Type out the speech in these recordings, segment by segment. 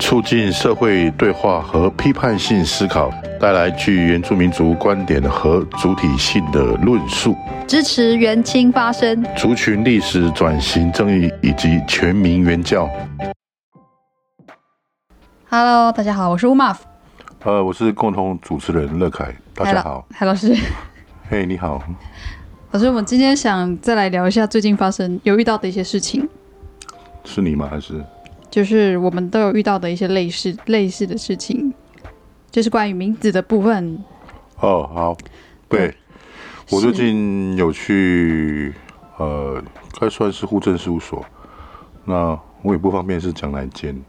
促進社會對話和批判性思考，帶來具原住民族觀點和主體性的論述，支持原青發聲、族群歷史轉型正義以及全民原教。Hello，大家好，我是 Umav。呃，我是共同主持人樂鍇。大家好，嗨老師。嘿，hey, 你好，老師。我們今天想再來聊一下最近發生有遇到的一些事情。是你嗎？還是？就是我們都有遇到的一些類似類似的事情，就是關於名字的部分。哦，好。對，嗯，我最近有去，是呃，該算是戶政事務所。那我也不方便是講哪間，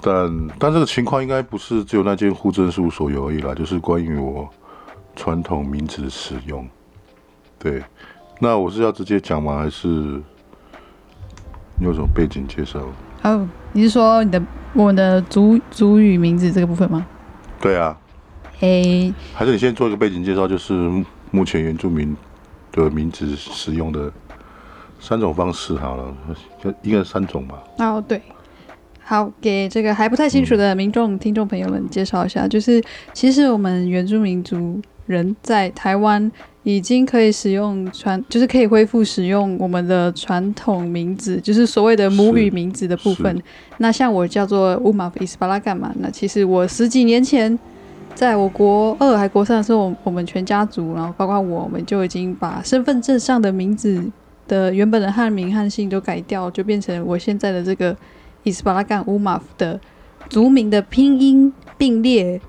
但但這個情況應該不是只有那間戶政事務所有而已啦，就是關於我傳統名字的使用。對，那我是要直接講嗎？還是你有什麼背景介紹？哦，你是說你的我的族族語名字這個部分嗎？對啊！哎、欸。還是你先做一個背景介紹，就是目前原住民的名字使用的三種方式好了，應該三種吧。哦，對。好，給這個還不太清楚的民眾聽眾朋友們介紹一下，嗯、就是其實我們原住民族人在台灣。已經可以使用傳，就是可以恢復使用我們的傳統名字，就是所謂的母語名字的部分。那像我叫做烏馬夫伊斯巴拉干嘛，那其實我十幾年前在我國二、還國三的時候，我我們全家族，然後包括我，我們就已經把身份證上的名字的原本的漢名、漢姓都改掉，就變成我現在的這個伊斯巴拉干烏馬夫的族名的拼音並列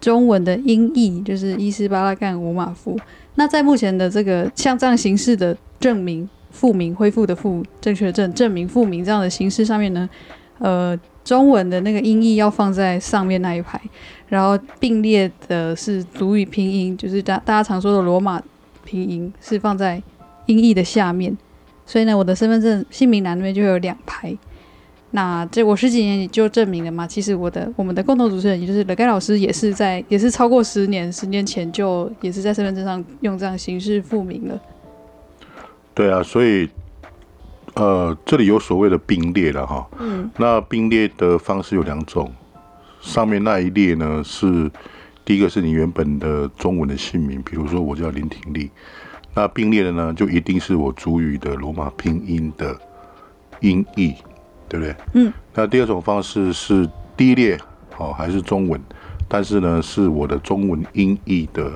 中文的音譯，就是伊斯巴拉干烏馬夫。那在目前的這個像這樣形式的正名復名恢復的復正確的正正名復名這樣的形式上面呢，呃，中文的那個音譯要放在上面那一排，然後並列的是族語拼音，就是大大家常說的羅馬拼音是放在音譯的下面，所以呢，我的身份證姓名欄那邊就有兩排。那這我十幾年你就證明了嘛。其實我的我們的共同主持人，也就是樂鍇老師，也是在也是超過十年十年前就也是在身份證上用這樣形式復名了。對啊，所以呃，這裡有所謂的並列了哈。嗯。那並列的方式有兩種，上面那一列呢，是第一個是你原本的中文的姓名，比如說我叫林廷麗，那並列的呢就一定是我族語的羅馬拼音的音譯。對不對？嗯。那第二種方式是第一列，哦，還是中文？但是呢，是我的中文音譯的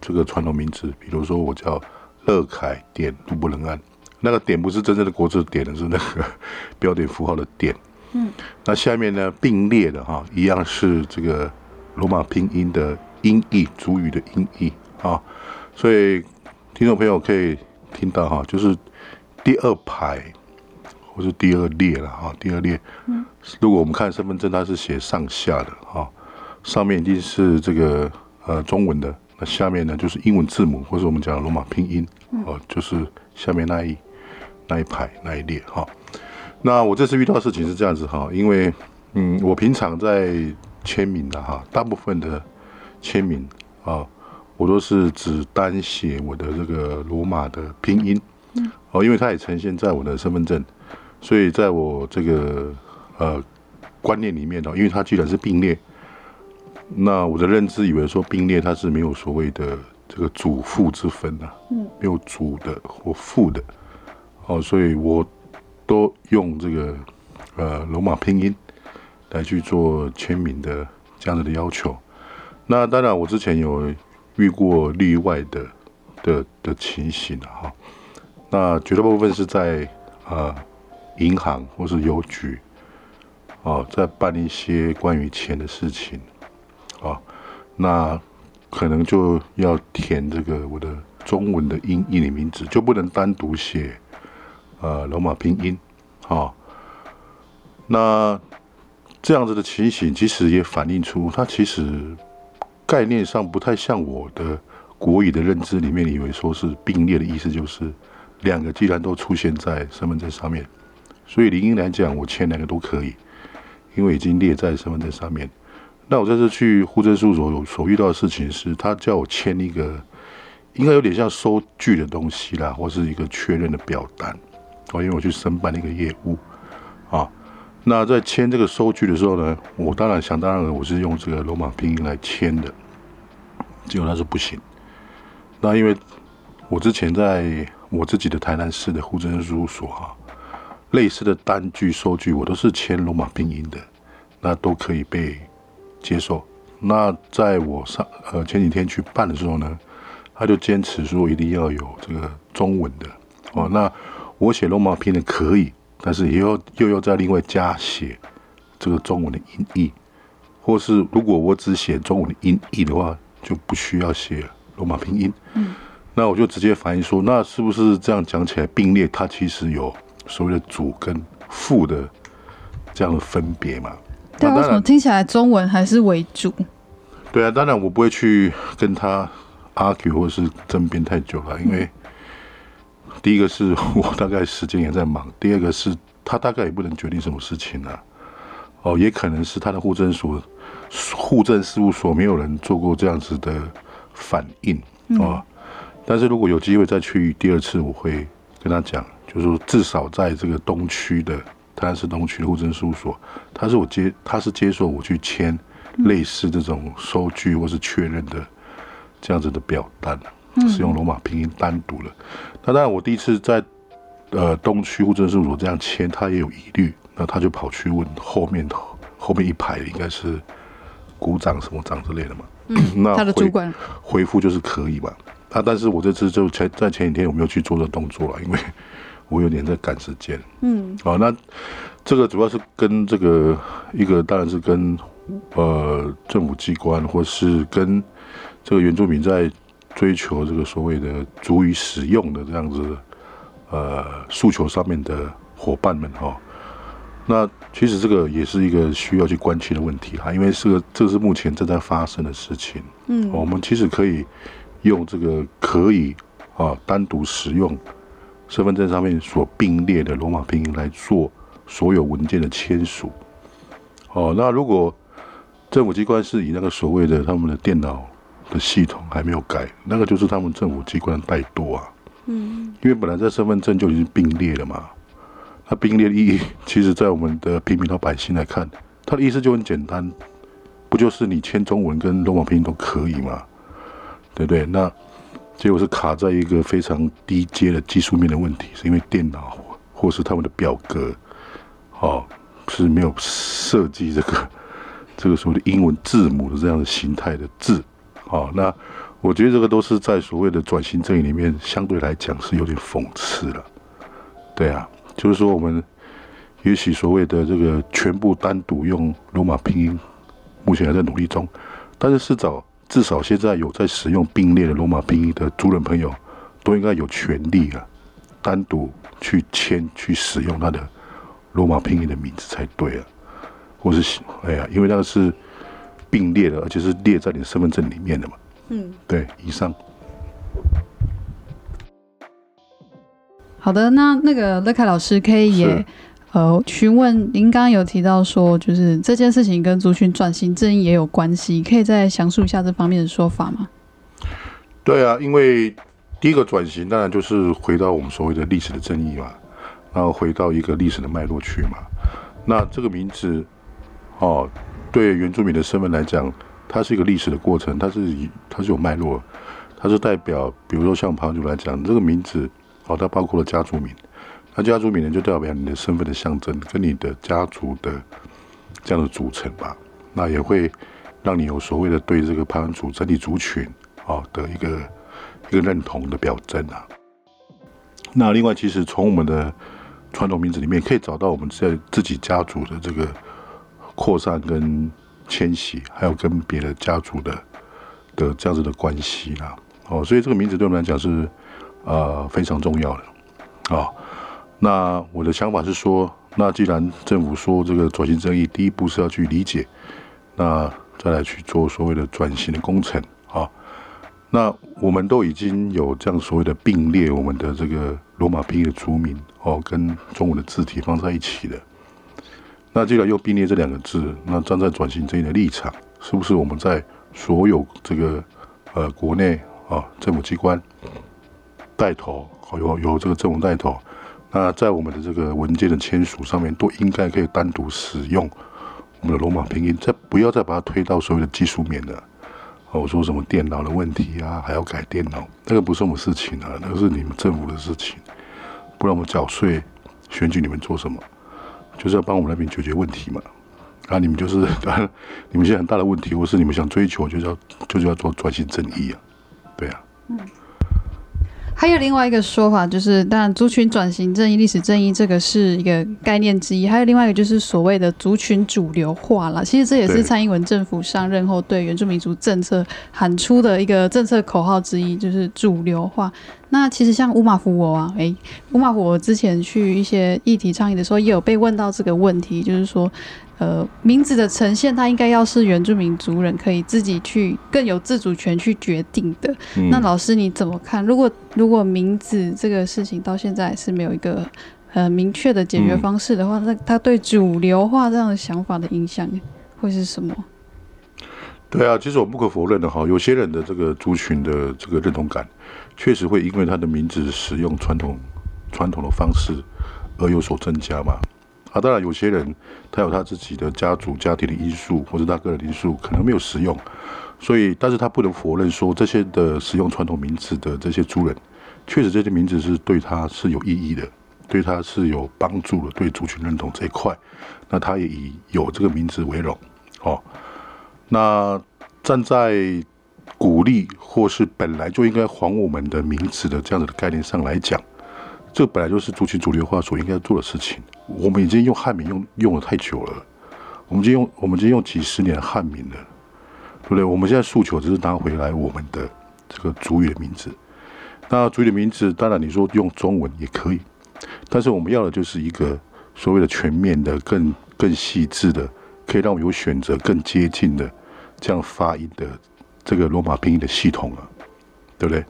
這個傳統名字，比如說我叫樂凱點祿璞崚岸。那個點不是真正的國字點，的是那個呵呵標點符號的點。嗯。那下面呢，並列的哈、哦，一樣是這個羅馬拼音的音譯，主語的音譯啊、哦。所以聽眾朋友可以聽到哈、哦，就是第二排。或是第二列了哈，第二列，如果我們看身份證，它是寫上下的哈，上面一定是這個呃中文的，那下面呢，就是英文字母，或是我們講的羅馬拼音，哦，就是下面那一那一排那一列哈。那我這次遇到的事情是這樣子哈，因為嗯，我平常在簽名的哈，大部分的簽名啊，我都是只單寫我的這個羅馬的拼音，哦，因為它也呈現在我的身份證。所以，在我這個呃觀念裡面呢、喔，因為它既然是並列，那我的認知以為說並列它是沒有所謂的這個主副之分吶，嗯，沒有主的或副的，哦、喔、所以我都用這個呃羅馬拼音來去做簽名的這樣子的要求。那當然，我之前有遇過例外的的的情形哈、喔，那絕大部分是在啊。呃銀行或是郵局，哦，在辦一些關於錢的事情，啊、哦，那可能就要填這個我的中文的音譯的名字，就不能單獨寫，呃，羅馬拼音，哈、哦。那這樣子的情形，其實也反映出它其實概念上不太像我的國語的認知裡面以為說是並列的意思，就是兩個既然都出現在身份證上面。所以理應來講，我簽兩個都可以，因為已經列在身份證上面。那我這次去戶政事務所所遇到的事情是，他叫我簽一個，應該有點像收據的東西啦，或是一個確認的表單。哦，因為我去申辦那個業務啊。那在簽這個收據的時候呢，我當然想當然了，我是用這個羅馬拼音來簽的，結果他說不行。那因為我之前在我自己的台南市的戶政事務所哈、啊。類似的單據、收據，我都是簽羅馬拼音的，那都可以被接受。那在我上呃前幾天去辦的時候呢，他就堅持說一定要有這個中文的哦。那我寫羅馬拼音可以，但是也要又要再另外加寫這個中文的音譯，或是如果我只寫中文的音譯的話，就不需要寫羅馬拼音。嗯，那我就直接反映說，那是不是這樣講起來並列，它其實有？所謂的主跟副的這樣的分別嘛？但、啊、為什麼聽起來中文還是為主？對啊，當然我不會去跟他 argue 或是爭辯太久了，因為第一個是我大概時間也在忙，嗯、第二個是他大概也不能決定什麼事情了、啊、哦，也可能是他的戶政所、戶政事務所沒有人做過這樣子的反應、嗯、哦，但是如果有機會再去第二次，我會跟他講。就是說，至少在這個東區的，當然是東區的戶政事務所，他是我接，他是接受我去簽類似這種收據或是確認的這樣子的表單，使、嗯、用羅馬拼音單獨了。那當然，我第一次在呃東區戶政事務所這樣簽，他也有疑慮，那他就跑去問後面頭後面一排應該是股長什麼長之類的嘛。嗯、 那他的主管回復就是可以吧，啊，但是我這次就前在前幾天我沒有去做這動作了，因為。我有點在趕時間，嗯，好、哦，那這個主要是跟這個一個，當然是跟呃政府機關，或是跟這個原住民在追求這個所謂的族語使用的這樣子呃訴求上面的夥伴們哈、哦。那其實這個也是一個需要去關切的問題啊，因為是個，這是目前正在發生的事情。嗯、哦，我們其實可以用這個可以啊、呃、單獨使用身份證上面所並列的羅馬拼音來做所有文件的簽署，哦，那如果政府機關是以那個所謂的他們的電腦的系統還沒有改，那個就是他們政府機關的怠惰啊。嗯，因為本來在身份證就已經並列了嘛，那並列的意義，其實，在我們的平民老百姓來看，他的意思就很簡單，不就是你簽中文跟羅馬拼音都可以嗎？對不對？那。結果是卡在一個非常低階的技術面的問題，是因為電腦或是他們的表格，哦，是沒有設計這個這個所謂的英文字母的這樣的形態的字，哦，那我覺得這個都是在所謂的轉型正義裡面，相對來講是有點諷刺了。對啊，就是說我們也許所謂的這個全部單獨用羅馬拼音，目前還在努力中，但是是找。至少現在有在使用並列的羅馬拼音的族人朋友，都應該有權利啊，單獨去簽去使用他的羅馬拼音的名字才對啊。或是哎呀，因為那個是並列的，而且是列在你的身份證裡面的嘛。嗯，對，以上。好的，那那個樂鍇老師可以也。好，嗯、詢問您剛剛有提到說，就是這件事情跟族群轉型正義也有關係，可以再詳述一下這方面的說法嗎？對啊，因為第一個轉型，當然就是回到我們所謂的歷史的正義嘛，然後回到一個歷史的脈絡去嘛。那這個名字哦，對原住民的身份來講，它是一個歷史的過程，它是它是有脈絡，它是代表，比如說像龐主來講，這個名字哦，它包括了家族名。那家族名呢，就代表你的身份的象徵，跟你的家族的這樣的組成吧。那也會讓你有所謂的對這個潘族整體族群啊、哦、的一個一個認同的表徵吶、啊。那另外，其實從我們的傳統名字裡面，可以找到我們在自己家族的這個擴散跟遷徙，還有跟別的家族的的這樣子的關係啦、啊。哦，所以這個名字對我們來講是呃非常重要的啊。哦那我的想法是說，那既然政府說這個轉型正義第一步是要去理解，那再來去做所謂的轉型的工程啊、哦。那我們都已經有這樣所謂的並列我們的這個羅馬拼音的族名哦，跟中文的字體放在一起了。那既然又並列這兩個字，那站在轉型正義的立場，是不是我們在所有這個呃國內啊、哦、政府機關帶頭，哦、有有這個政府帶頭？那、啊、在我們的這個文件的簽署上面，都應該可以單獨使用我們的羅馬拼音，再不要再把它推到所謂的技術面了、啊。我說什麼電腦的問題啊，還要改電腦，那個不是我們事情啊，那個，是你們政府的事情。不然我們繳稅，選舉你們做什麼？就是要幫我們那邊解決問題嘛。啊，你們就是，啊、你們現在很大的問題，或是你們想追求，就是要就是要做轉型正義啊，對啊。嗯。還有另外一個說法，就是當然族群轉型正義、歷史正義這個是一個概念之一。還有另外一個就是所謂的族群主流化啦。其實這也是蔡英文政府上任後對原住民族政策喊出的一個政策口號之一，就是主流化。那其實像 umav 我啊，哎，umav 我之前去一些議題倡議的時候，也有被問到這個問題，就是說，呃，名字的呈現，它應該要是原住民族人可以自己去更有自主權去決定的。嗯、那老師你怎麼看？如果如果名字這個事情到現在是沒有一個很明確的解決方式的話，嗯、那它對主流化這樣的想法的影響會是什麼？對啊，其實我不可否認的哈，有些人的這個族群的這個認同感。確實會因為他的名字使用傳統、傳統的方式而有所增加嘛？啊，當然有些人他有他自己的家族、家庭的因素，或者他個人的因素，可能沒有使用。所以，但是他不能否認說，這些的使用傳統名字的這些族人，確實這些名字是對他是有意義的，對他是有幫助的，對族群認同這一塊，那他也以有這個名字為榮。哦。那站在。鼓勵，或是本來就應該還我們的名字的這樣子的概念上來講，這本來就是族群主流化所應該做的事情。我們已經用漢名用用了太久了，我們已經用我們已經用幾十年的漢名了，對不對？我們現在訴求只是拿回來我們的這個族語的名字。那族語的名字，當然你說用中文也可以，但是我們要的就是一個所謂的全面的、更更細緻的，可以讓我們有選擇、更接近的這樣發音的。這個羅馬拼音的系統了、啊，對不對？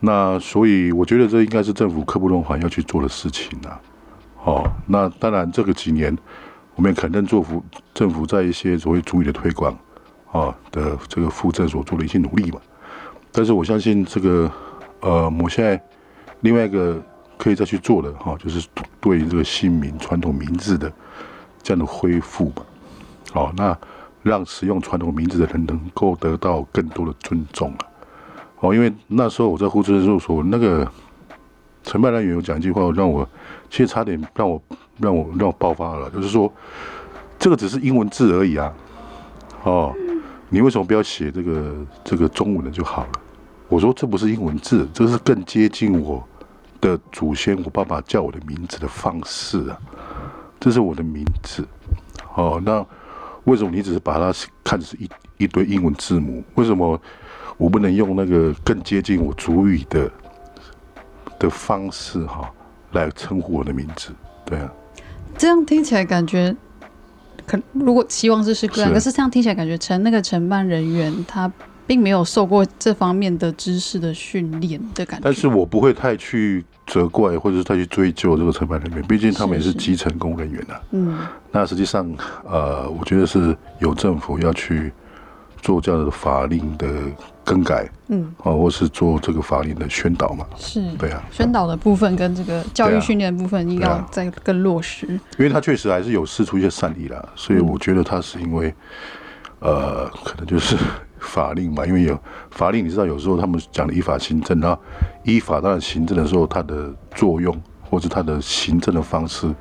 那所以我覺得這應該是政府刻不容緩要去做的事情啊。好、哦，那當然這個幾年，我們也肯定祝福政府在一些所謂主義的推廣啊的這個附贈所做的一些努力嘛。但是我相信這個，呃，我們現在另外一個可以再去做的哈、啊，就是對於這個姓名傳統名字的這樣的恢復嘛。好、哦，那。讓使用傳統名字的人能夠得到更多的尊重啊！哦，因為那時候我在戶籍事務所，那個承辦人員有講一句話，讓我其實差點讓我讓我讓我，讓我爆發了，就是說這個只是英文字而已啊！哦，你為什麼不要寫這個這個中文的就好了？我說這不是英文字，這是更接近我的祖先，我爸爸叫我的名字的方式啊！這是我的名字，哦，那。為什麼你只是把它看成是一一堆英文字母？為什麼我不能用那個更接近我主語的的方式哈來稱呼我的名字？對啊，這樣聽起來感覺可如果希望是個個是這樣，可是這樣聽起來感覺承那個承辦人員他。並沒有受過這方面的知識的訓練的感覺。但是我不會太去責怪，或者是太去追究這個承辦人員，畢竟他們也是基層公務人員，是是嗯。那實際上，呃，我覺得是有政府要去做這樣的法令的更改，嗯，啊、呃、或是做這個法令的宣導嘛。是。對啊，嗯、宣導的部分跟這個教育訓練的部分，應該要再更落實。啊啊、因為他確實還是有釋出一些善意啦。嗯、所以我覺得他是因為，呃，可能就是。法令嘛，因為有法令，你知道，有時候他們講的依法行政，然後依法當然行政的時候，它的作用或是它的行政的方式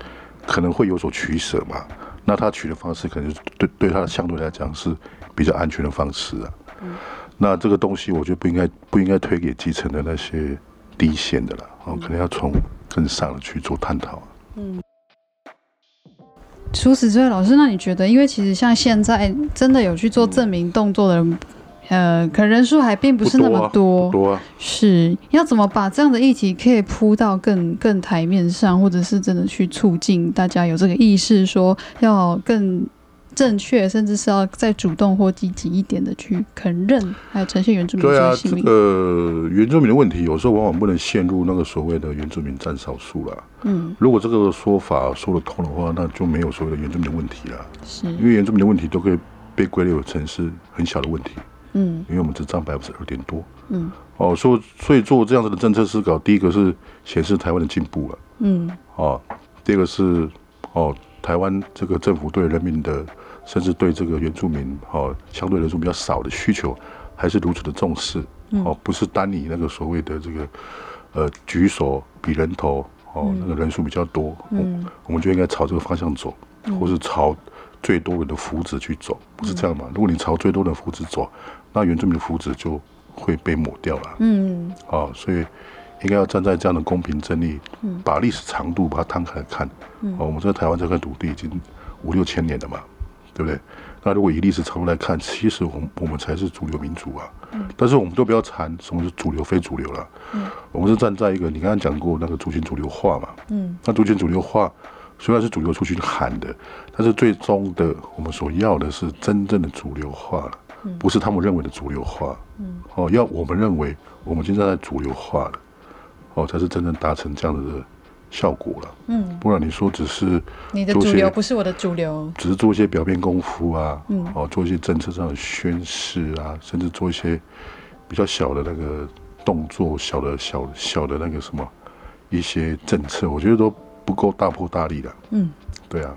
可能會有所取舍嘛。那他取的方式，可能、就是、對對它的相對來講是比較安全的方式啊。嗯、那這個東西，我覺得不應該不應該推給基層的那些低線的了，哦，可能要從更上去做探討、啊、嗯。除此之外，老師，那你覺得，因為其實像現在、欸、真的有去做證明動作的人，嗯、呃，可人數還並不是那麼多。不多啊、不多啊、是，要怎麼把這樣的議題可以鋪到更更檯面上，或者是真的去促進大家有這個意識，說要更。正確，甚至是要再主動或積極一點的去承認，還有呈現原住民的姓名。對啊，這個、原住民的問題，有時候往往不能陷入那個所謂的原住民占少數了。嗯，如果這個說法說得通的話，那就沒有所謂的原住民的問題了。是，因為原住民的問題都可以被歸類為成是很小的問題。嗯，因為我們只占百分之二點多。嗯，哦，所以所以做這樣子的政策思考，第一個是顯示台灣的進步了。嗯，哦，第二個是哦，台灣這個政府對人民的。甚至對這個原住民哦，相對人數比較少的需求，還是如此的重視、嗯、哦，不是單以那個所謂的這個呃舉手比人頭哦，嗯、那個人數比較多，嗯、哦，我們就應該朝這個方向走，嗯、或是朝最多人的福祉去走，嗯、不是這樣嗎？如果你朝最多人的福祉走，那原住民的福祉就會被抹掉了，嗯，哦，所以應該要站在這樣的公平正義，嗯、把歷史長度把它攤開來看，嗯、哦，我們在台灣這塊土地已經五六千年了嘛。對不對？那如果以歷史潮流來看，其實我們我們才是主流民族啊。嗯。但是我們都不要談什麼是主流非主流了。嗯。我們是站在一個你剛剛講過那個族群主流化嘛。嗯。那族群主流化雖然是主流族群喊的，但是最終的我們所要的是真正的主流化了。不是他們認為的主流化。嗯。哦，要我們認為我們現在在主流化了，哦，才是真正達成這樣的。效果了，嗯，不然你說只是、嗯、你的主流不是我的主流，只是做一些表面功夫啊，嗯，哦，做一些政策上的宣示啊，甚至做一些比較小的那個動作，小的小小的那個什麼一些政策，我覺得都不夠大破大立的，嗯，對啊。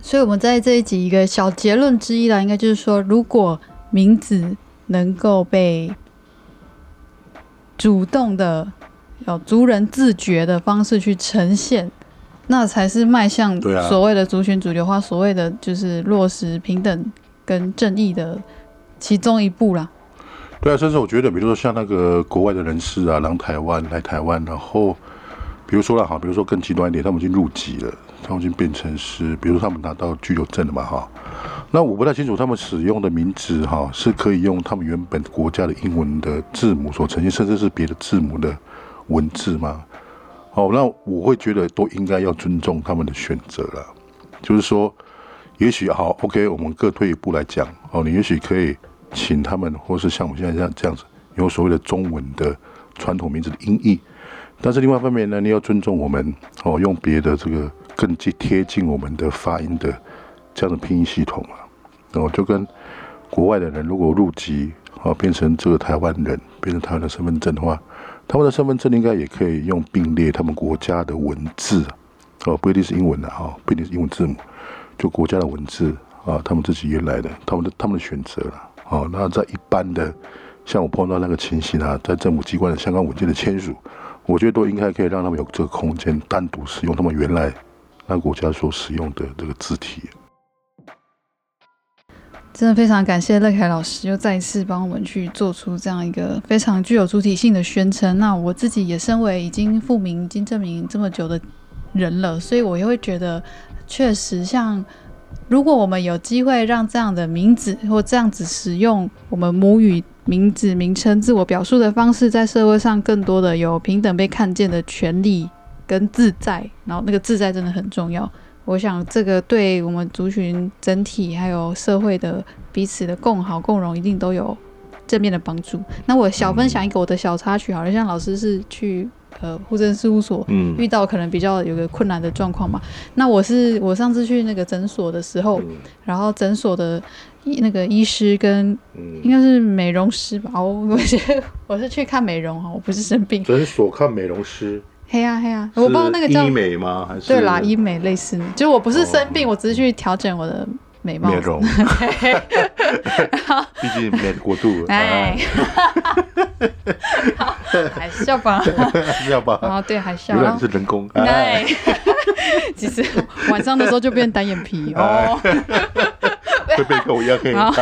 所以我們在這一集一個小結論之一啦，應該就是說，如果名字能夠被主動的。要族人自覺的方式去呈現，那才是邁向所謂的族群主流化，啊、所謂的就是落實平等跟正義的其中一步啦。對啊，甚至我覺得，比如說像那個國外的人士啊，來台灣，來台灣，然後，比如說啦、啊、哈，比如說更極端一點，他們已經入籍了，他們已經變成是，比如說他們拿到居留證了嘛哈。那我不太清楚他們使用的名字哈，是可以用他們原本國家的英文的字母所呈現，甚至是別的字母的文字嗎？哦，那我會覺得都應該要尊重他們的選擇啦。就是說，也許好，OK，我們各退一步來講。哦，你也許可以請他們，或是像我們現在這樣這樣子，有所謂的中文的傳統名字的音譯。但是另外一方面呢，你要尊重我們哦，用別的這個更接貼近我們的發音的這樣的拼音系統啊。哦，就跟國外的人如果入籍哦，變成這個台灣人，變成台灣的身份證的話。他們的身份證應該也可以用並列他們國家的文字，哦，不一定是英文的哈，哦，不一定是英文字母，就國家的文字啊，他們自己原來的，他們的他們的選擇了，好，哦，那在一般的，像我碰到那個情形啊，在政府機關的相關文件的簽署，我覺得都應該可以讓他們有這個空間單獨使用他們原來那國家所使用的這個字體。真的非常感謝樂鍇老師，又再一次幫我們去做出這樣一個非常具有主體性的宣稱。那我自己也身為已經復名、已經正名這麼久的人了，所以我也會覺得，確實像如果我們有機會讓這樣的名字或這樣子使用我們母語名字、名稱、自我表述的方式，在社會上更多的有平等被看見的權利跟自在，然後那個自在真的很重要。我想這個對我們族群整體，還有社會的彼此的共好共榮，一定都有正面的幫助。那我小分享一個我的小插曲好了，好、嗯、像老師是去呃戶政事務所，嗯，遇到可能比較有個困難的狀況嘛。那我是我上次去那個診所的時候，嗯、然後診所的那個醫師跟、嗯、應該是美容師吧，我我是我是去看美容啊，我不是生病，診所看美容師。黑啊，黑啊。我不知道那個叫醫美嗎？還是對啦，醫美類似，就我不是生病，我只是去調整我的美貌。畢竟美過度，哎，還是要吧，是要吧？哦對，還是要。當然是人工，哎，其實晚上的時候就變單眼皮哦，會變狗一樣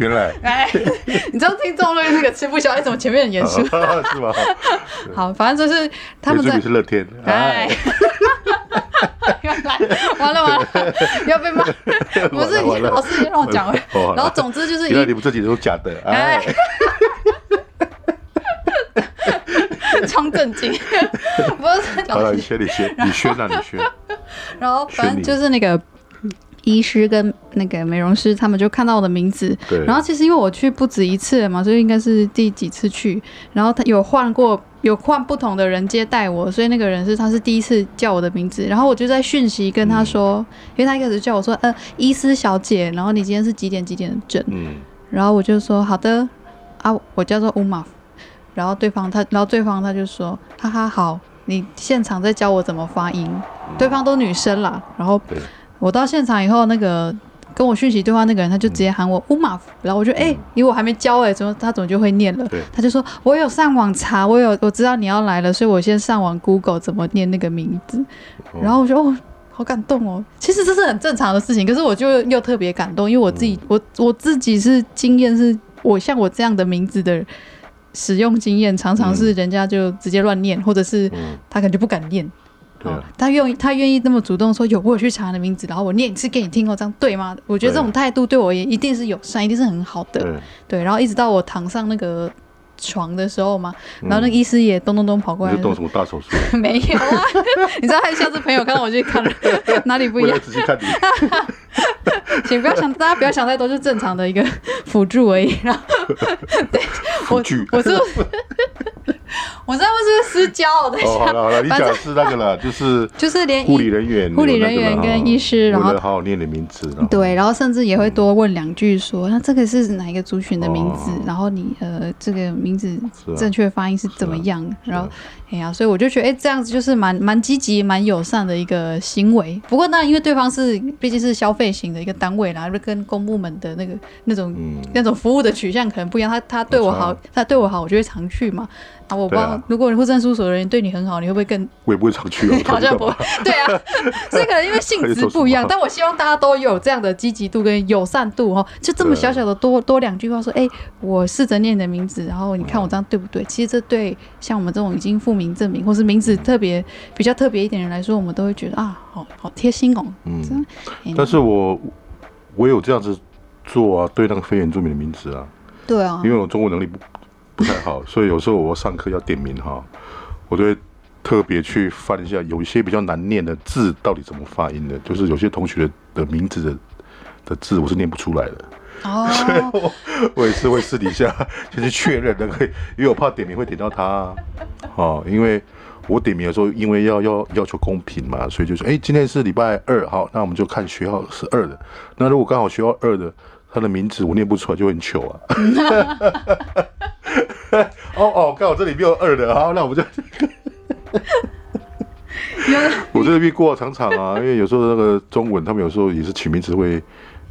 原來，哎，你知道聽眾樂天那個吃不消，你怎麼前面很嚴肅？是嗎？好，反正就是他們在是樂天。哎，原來完了完了，要被罵。不是，老師讓我講了。然後總之就是，原來你們自己都是假的。哎，裝正經，不是？好了，你削你削，你削，那你削。然後反正就是那個。醫師跟那個美容師，他們就看到我的名字。對然後其實因為我去不止一次了嘛，所以應該是第幾次去。然後他有換過，有換不同的人接待我，所以那個人是他是第一次叫我的名字。然後我就在訊息跟他說，嗯、因為他一開始叫我說，呃，醫師小姐。然後你今天是幾點幾點的診？嗯。然後我就說好的啊，我叫做 Umav。然後對方他，然後對方他就說，哈哈，好，你現場在教我怎麼發音。對方都女生啦，然後。我到現場以後，那個跟我訊息對話那個人，他就直接喊我烏馬夫，然後我就哎，因、欸、為我還沒教哎、欸，怎麼他怎麼就會念了？對、嗯，他就說我有上網查，我有我知道你要來了，所以我先上網 Google 怎麼念那個名字，嗯、然後我就哦，好感動哦，其實這是很正常的事情，可是我就又特別感動，因為我自己、嗯、我我自己是經驗是我，我像我這樣的名字的使用經驗，常常是人家就直接亂念，或者是他感覺不敢念。哦、他願意，他願意這麼主動說：“有，我去查你的名字，然後我念一次給你聽過、哦、這樣對嗎？”我覺得這種態度對我也一定是友善，一定是很好的。對，對，然後一直到我躺上那個床的時候嘛，嗯、然後那個醫師也咚咚咚，咚跑過來，動什麼大手術？ 沒有啊， 你知道他像是朋友，看到我去看了哪裡不一樣？仔細看你， 請不要想，大家不要想太多，是正常的一個輔助而已。然後，對去我，我就。 驕傲的哦，好了好了，你講是那個了，就是就是連護理人員、護理人員跟醫師，然後好好念的名字。對，然後甚至也會多問兩句，說那這個是哪一個族群的名字？然後你呃，這個名字正確發音是怎麼樣？然後哎呀，所以我就覺得，哎，這樣子就是蠻蠻積極、蠻友善的一個行為。不過那因為對方是畢竟是消費型的一個單位啦，跟公務門的那個那種那種服務的取向可能不一樣。他他對我好，他對我好，我就會常去嘛。啊，我不知道，如果你戶政事務所的人對你很好，你會不會更？我也不會常去哦。好像不會，對啊，這個因為性質不一樣。但我希望大家都有這樣的積極度跟友善度哦。就這麼小小的多多兩句話說，哎，我試着念你的名字，然後你看我這樣對不對？其實這對像我們這種已經復名正名或是名字特別比較特別一點的人來說，我們都會覺得啊，好好貼心哦，嗯。但是，我我有這樣子做啊，對那個非原住民的名字啊，對啊，因為我中文能力不。不太 好，所以有時候我上課要點名哈，我就會特別去翻一下，有一些比較難念的字到底怎麼發音的，就是有些同學的、的名字的的字我是念不出來的，哦、所以我我也是會私底下 先去確認可以，因為我怕點名會點到他啊，因為我點名的時候因為要要要求公平嘛，所以就說，哎、欸，今天是禮拜二，好，那我們就看學號是二的，那如果剛好學號二的。他的名字我念不出來就很糗啊！ 哦哦，看我這裡沒有二的啊，那我們就， 我這裡必過了常常啊，因為有時候那個中文他們有時候也是取名字會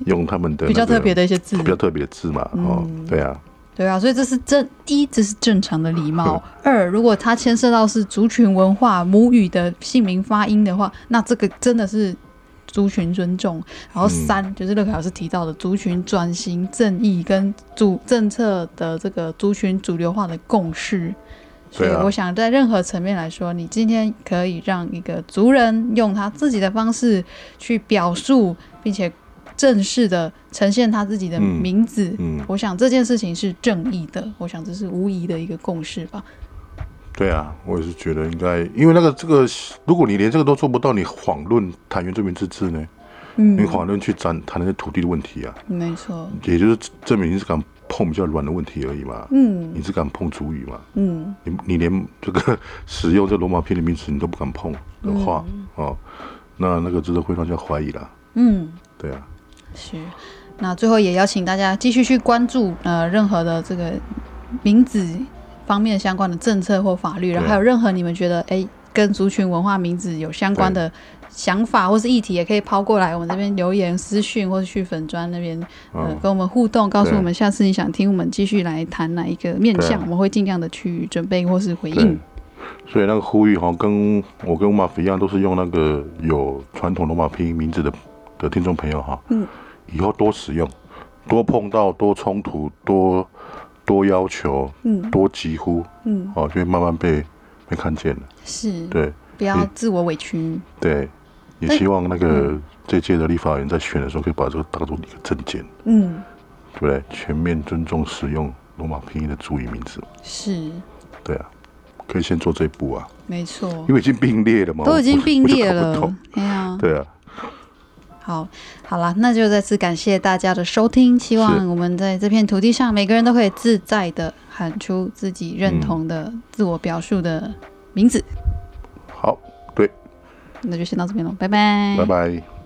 用他們的、那個、比較特別的一些字，比較特別的字嘛，哦，嗯、對啊，對啊，所以這是正，一，這是正常的禮貌； 二，如果他牽涉到是族群文化母語的姓名發音的話，那這個真的是。族群尊重，然後三就是樂鍇老師提到的族群轉型、嗯、正義跟主政策的這個族群主流化的共識，啊、所以我想在任何層面來說，你今天可以讓一個族人用他自己的方式去表述，並且正式的呈現他自己的名字，嗯嗯、我想這件事情是正義的，我想這是無疑的一個共識吧。對啊，我也是覺得應該，因為那個這個，如果你連這個都做不到，你遑論談原住民自治呢？嗯，你遑論去談談那些土地的問題啊？沒錯，也就是證明你是敢碰比較軟的問題而已嘛。嗯，你是敢碰族語嘛？嗯，你你連這個使用這羅馬片的名詞你都不敢碰的話、嗯、哦，那那個真的會讓大家懷疑了。嗯，對啊，是。那最後也邀請大家繼續去關注呃，任何的這個名字。方面相關的政策或法律，然後還有任何你們覺得哎對、欸、跟族群文化名字有相關的想法或是議題，也可以拋過來我們這邊留言、私訊或者去粉專那邊、嗯、呃跟我們互動，告訴我們下次你想聽我們繼續來談哪一個面向，啊、我們會盡量的去準備或是回應。所以那個呼籲哈，跟我跟馬肥一樣，都是用那個有傳統羅馬拼音名字的的聽眾朋友哈，嗯，以後多使用，多碰到，多衝突，多。多要求，嗯，多疾呼，嗯，哦，就會慢慢被被看見了，是，對，不要自我委屈，對，也希望那個這屆的立法人在選的時候，可以把這個當做一個政見，嗯，對不對？全面尊重使用羅馬拼音的族裔名字，是，對啊，可以先做這一步啊，沒錯，因為已經並列了嘛，都已經並列了，對啊。好好了，那就再次感謝大家的收聽。希望我們在這片土地上，每個人都可以自在的喊出自己認同的自我表述的名字。嗯、好，對，那就先到這邊了，拜拜，拜拜。